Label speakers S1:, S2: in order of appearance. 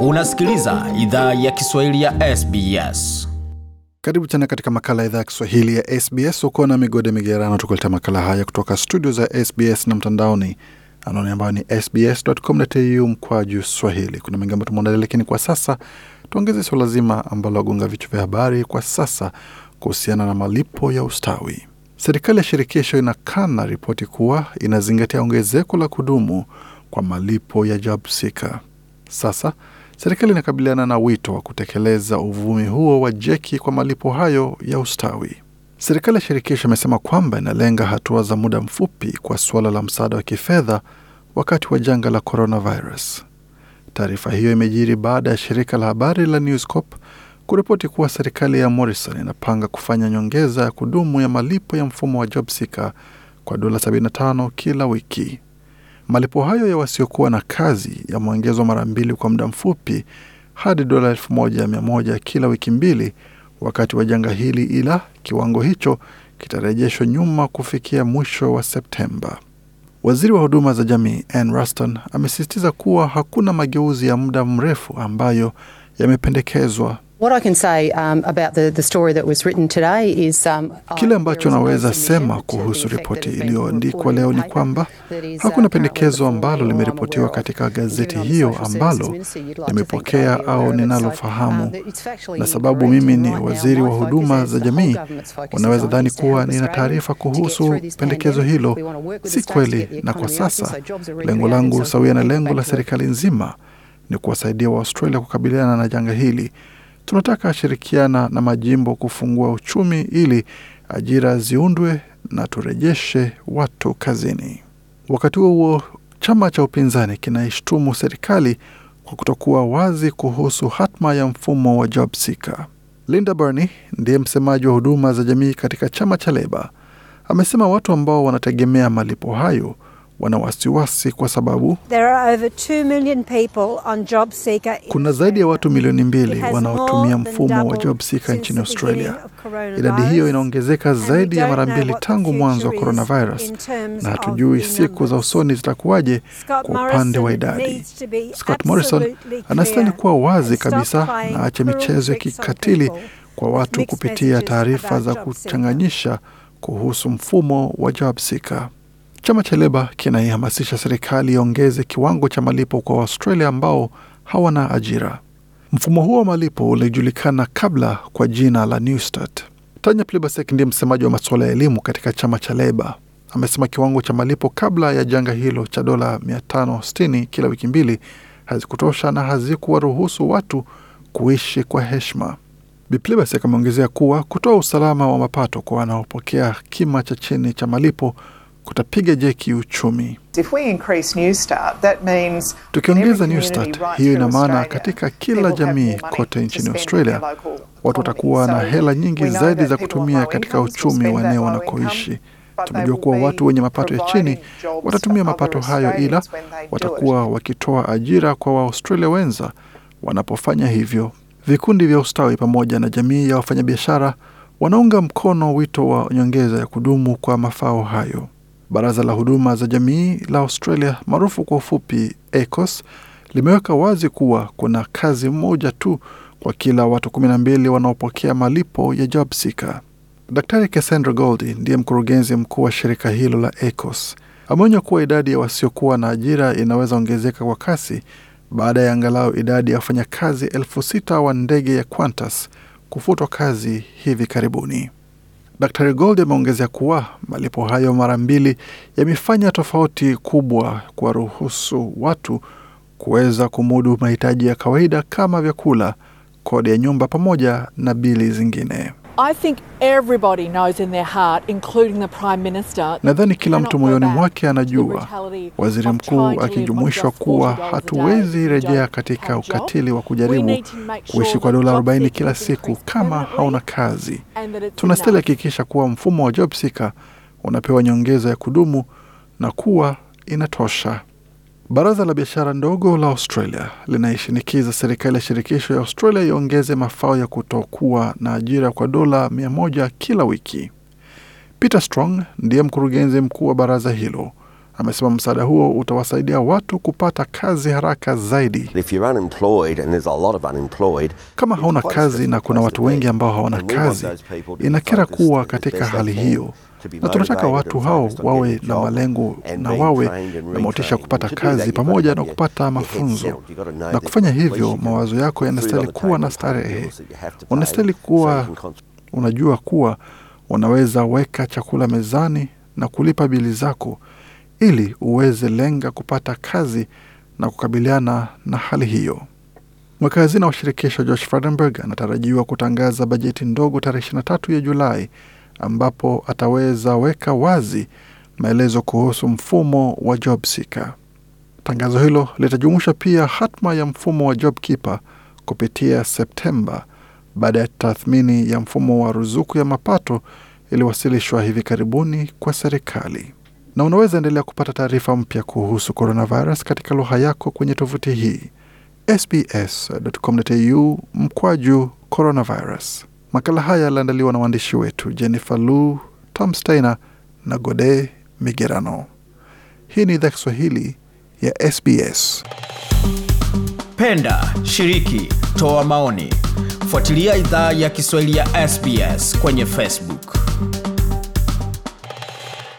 S1: Unasikiliza idhaa ya Kiswahili ya SBS. Karibu tena katika makala ya idhaa ya Kiswahili ya SBS. Uko na migode migerano, tukuleta makala haya kutoka studio za SBS na mtandaoni, anaoni ambayo ni sbs.com.au mkwaju swahili. Kuna mengi ambayo tumeandalia, lakini kwa sasa tuongeze suala zima ambalo wagonga vichwa vya habari kwa sasa kuhusiana na malipo ya ustawi. Serikali ya shirikisho inakana ripoti kuwa inazingatia ongezeko la kudumu kwa malipo ya jabsika Sasa Serikali inakabiliana na wito wa kutekeleza uvumi huo wa jeki kwa malipo hayo ya ustawi. Serikali ya shirikisho imesema kwamba inalenga hatua za muda mfupi kwa suala la msaada wa kifedha wakati wa janga la coronavirus. Taarifa hiyo imejiri baada ya shirika la habari la News Corp kuripoti kuwa serikali ya Morrison inapanga kufanya nyongeza ya kudumu ya malipo ya mfumo wa JobSeeker kwa dola 75 kila wiki. Malipo hayo ya wasiokuwa na kazi yameongezwa mara mbili kwa muda mfupi hadi dola elfu moja mia moja kila wiki mbili wakati wa janga hili, ila kiwango hicho kitarejeshwa nyuma kufikia mwisho wa Septemba. Waziri wa huduma za jamii Ann Ruston amesisitiza kuwa hakuna mageuzi ya muda mrefu ambayo yamependekezwa Um, um, Kile ambacho naweza sema kuhusu ripoti iliyoandikwa leo ni kwamba hakuna uh, pendekezo um, ambalo limeripotiwa katika gazeti hiyo ambalo nimepokea au ninalofahamu, na sababu mimi ni waziri wa huduma za jamii, unaweza dhani kuwa nina taarifa kuhusu pendekezo hilo. Si kweli, na kwa sasa lengo langu sawia na lengo la serikali nzima ni kuwasaidia Waaustralia kukabiliana na janga hili tunataka shirikiana na majimbo kufungua uchumi ili ajira ziundwe na turejeshe watu kazini. Wakati huo huo, chama cha upinzani kinaishtumu serikali kwa kutokuwa wazi kuhusu hatma ya mfumo wa job seeker. Linda Burney ndiye msemaji wa huduma za jamii katika chama cha Leba, amesema watu ambao wanategemea malipo hayo wana wasiwasi kwa sababu kuna zaidi ya watu milioni mbili wanaotumia mfumo wa job seeker nchini Australia. Idadi hiyo inaongezeka zaidi ya mara mbili tangu mwanzo wa coronavirus, na hatujui siku za usoni zitakuwaje kwa upande wa idadi. Scott Morrison anastahili kuwa wazi kabisa na ache michezo ya kikatili kwa watu kupitia taarifa za kuchanganyisha kuhusu mfumo wa job seeker. Chama cha Leba kinaihamasisha serikali iongeze kiwango cha malipo kwa Waustralia ambao hawana ajira. Mfumo huo wa malipo ulijulikana kabla kwa jina la Newstart. Tanya Plibersek ndiye msemaji wa masuala ya elimu katika chama cha Leba. Amesema kiwango cha malipo kabla ya janga hilo cha dola 560 kila wiki mbili hazikutosha na hazikuwaruhusu watu kuishi kwa heshima. Bi ameongezea kuwa kutoa usalama wa mapato kwa wanaopokea kima cha chini cha malipo kutapiga jeki uchumi. Tukiongeza New Start, hiyo ina maana katika kila jamii kote nchini Australia watu watakuwa na hela nyingi zaidi za kutumia katika uchumi wa eneo wanakoishi. Tunajua kuwa watu wenye mapato ya chini watatumia mapato hayo, ila watakuwa wakitoa ajira kwa Waaustralia wenza wanapofanya hivyo. Vikundi vya ustawi pamoja na jamii ya wafanyabiashara wanaunga mkono wito wa nyongeza ya kudumu kwa mafao hayo. Baraza la huduma za jamii la Australia maarufu kwa ufupi ACOS limeweka wazi kuwa kuna kazi moja tu kwa kila watu kumi na mbili wanaopokea malipo ya job seeker. Daktari Cassandra Goldie ndiye mkurugenzi mkuu wa shirika hilo la ACOS. Ameonya kuwa idadi ya wasiokuwa na ajira inaweza ongezeka kwa kasi baada ya angalau idadi ya wafanyakazi elfu sita wa ndege ya Qantas kufutwa kazi hivi karibuni. Daktari Gold ameongezea kuwa malipo hayo mara mbili yamefanya tofauti kubwa kuwaruhusu watu kuweza kumudu mahitaji ya kawaida kama vyakula, kodi ya nyumba pamoja na bili zingine. I think everybody knows in their heart, including the Prime Minister. Nadhani kila mtu moyoni mwake anajua, waziri mkuu akijumuishwa, kuwa hatuwezi rejea katika ukatili wa kujaribu kuishi kwa dola 40 kila siku kama hauna kazi. Tunastahili hakikisha kuwa mfumo wa job unapewa nyongeza ya kudumu na kuwa inatosha. Baraza la biashara ndogo la Australia linaishinikiza serikali ya shirikisho ya Australia iongeze mafao ya kutokuwa na ajira kwa dola mia moja kila wiki. Peter Strong ndiye mkurugenzi mkuu wa baraza hilo. Amesema msaada huo utawasaidia watu kupata kazi haraka zaidi. Kama hauna kazi na kuna watu wengi ambao hawana kazi, inakera kuwa katika hali hiyo na tunataka watu hao wawe na malengo na wawe na motisha kupata kazi pamoja na kupata mafunzo. Na kufanya hivyo, mawazo yako yanastahili kuwa na starehe, unastahili kuwa unajua kuwa unaweza weka chakula mezani na kulipa bili zako, ili uweze lenga kupata kazi na kukabiliana na hali hiyo. Mweka hazina wa shirikisho george fredenberg anatarajiwa kutangaza bajeti ndogo tarehe 23 ya Julai ambapo ataweza weka wazi maelezo kuhusu mfumo wa job seeker. Tangazo hilo litajumuisha pia hatma ya mfumo wa job keeper kupitia Septemba baada ya tathmini ya mfumo wa ruzuku ya mapato iliwasilishwa hivi karibuni kwa serikali. Na unaweza endelea kupata taarifa mpya kuhusu coronavirus katika lugha yako kwenye tovuti hii sbs.com.au mkwaju coronavirus. Makala haya yaliandaliwa na waandishi wetu Jennifer Lu, Tom Steiner na Gode Migerano. Hii ni idhaa Kiswahili ya SBS. Penda, shiriki, toa maoni, fuatilia idhaa ya Kiswahili ya SBS kwenye Facebook.